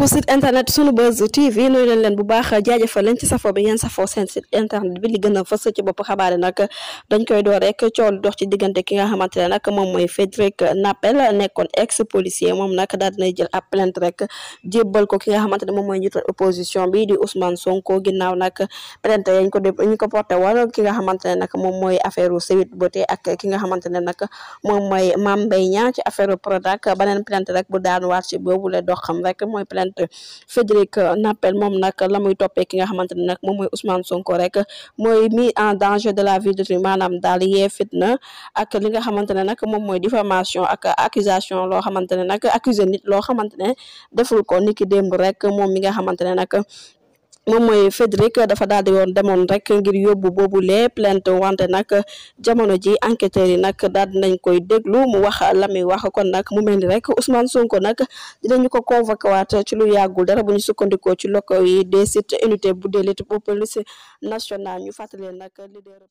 mbokku site internet sunu buzz TV nuyu leen leen bu baax jaajëfal leen ci safoo bi ngeen seen site internet bi li gën a ci bopp xabaar yi dañ koy door rek coow dox ci diggante ki nga xamante ne nag moom mooy Frédéric Napel nekkoon ex policier moom nag daal dinay jël ab plainte rek jébbal ko ki nga xamante ne moom mooy njiital opposition bi di Ousmane Sonko ginnaaw nag plainte ko ñu ko porté woon ki nga xamante ne nag moom mooy affaire u Sweet Beauté ak ki nga xamante ne nag moom mooy Mame Mbaye Niang ci affaire u Prodac beneen plainte rek bu daan waat ci plainte Frédéric euh, Nampel moom nag la muy toppee ki nga xamante ne nag moom mooy Ousmane Sonko rek mooy mis en danger de la vie d'autrui maanaam daal yee fitna ak li nga xamante ne nag moom mooy diffamation ak accusation loo xamante ne nag accusé nit loo xamante ne deful ko niki démb rek moom mi nga xamante ne nag moom mooy Frédéric dafa daal di woon demoon rek ngir yóbbu boobule plainte wante nag jamono ji enquêteurs yi nag daal nañ koy déglu mu wax la muy wax kon nag mu mel ni rek Ousmane Sonko nag dinañu ko convoqué waat ci lu yàggul dara bu ñu sukkandikoo ci locaux yi des sites unité bu délit bu police nationale ñu fàttali nag leader